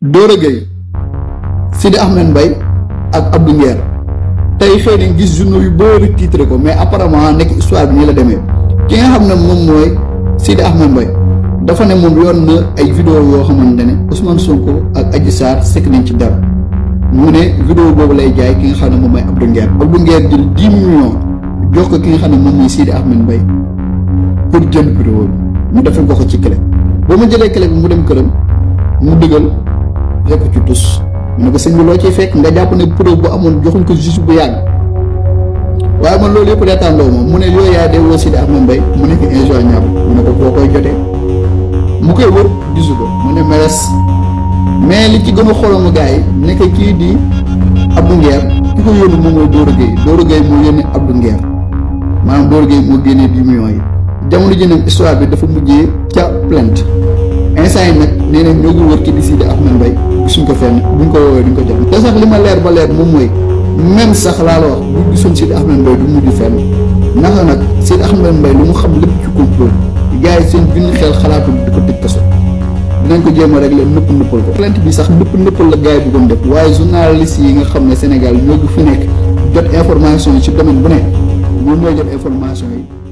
Doro Gueye Sidi Ahmed Mbaye ak Abdou Nguer tey xëy nañ gis journaux yu bëri titre ko mais apparemment nekk histoire bi nii la demee ki nga xam ne moom mooy Sidi Ahmed Mbaye dafa ne moom yoon na ay vidéo yoo xamante ne Ousmane Sonko ak Adji Sarr sekk nañ ci dara mu ne vidéo boobu lay jaay ki nga xam ne moom mooy Abdou Nguer Abdou Nguer jël 10 millions jox ko ki nga xam ne moom mooy Sidi Ahmed Mbaye pour jël vidéo bi mu defal ko ci clé ba mu jëlee clé bi mu dem këram mu yokku ci tus mu ne ko sëñ bi ciy fekk nga jàpp ne preuve bu amoon joxuñ ko juge bu yàgg waaye man loolu yëpp reetaanloo moom mu ne yooyu yaa dee woo Sidi Ahmed Mbaye mu nekk mu ne ko boo koy mais li ci gën a xolom nekk kii di Abdou Nguer ki ko yónni moom mooy Dóoru Gueye Dóoru Gueye moo yónni Abdou Nguer maanaam Dóoru Gueye moo génnee dix yi jamono ji nag histoire bi dafa mujjee ca plainte instant yi nag nee na ñoo ngi wër ci di Sidi Ahmed Mbaye suñ ko fenn buñ ko woowee duñ ko def te sax li ma leer ba leer moom mooy même sax laa la wax bu gisoon Sidi Ahmed Mbaye du mujj fenn naka nag Sidi Ahmed Mbaye lu mu xam lépp ci complot gars yi seen junni xel xalaatul di ko tëj kaso dinañ ko jéem a régler nëpp nëppal ko plainte bi sax nëpp nëppal la gars yi bëggoon def waaye journaliste yi nga xam ne Sénégal ñoo gi fu nekk jot information yi ci domaine bu ne moom ñooy jot information yi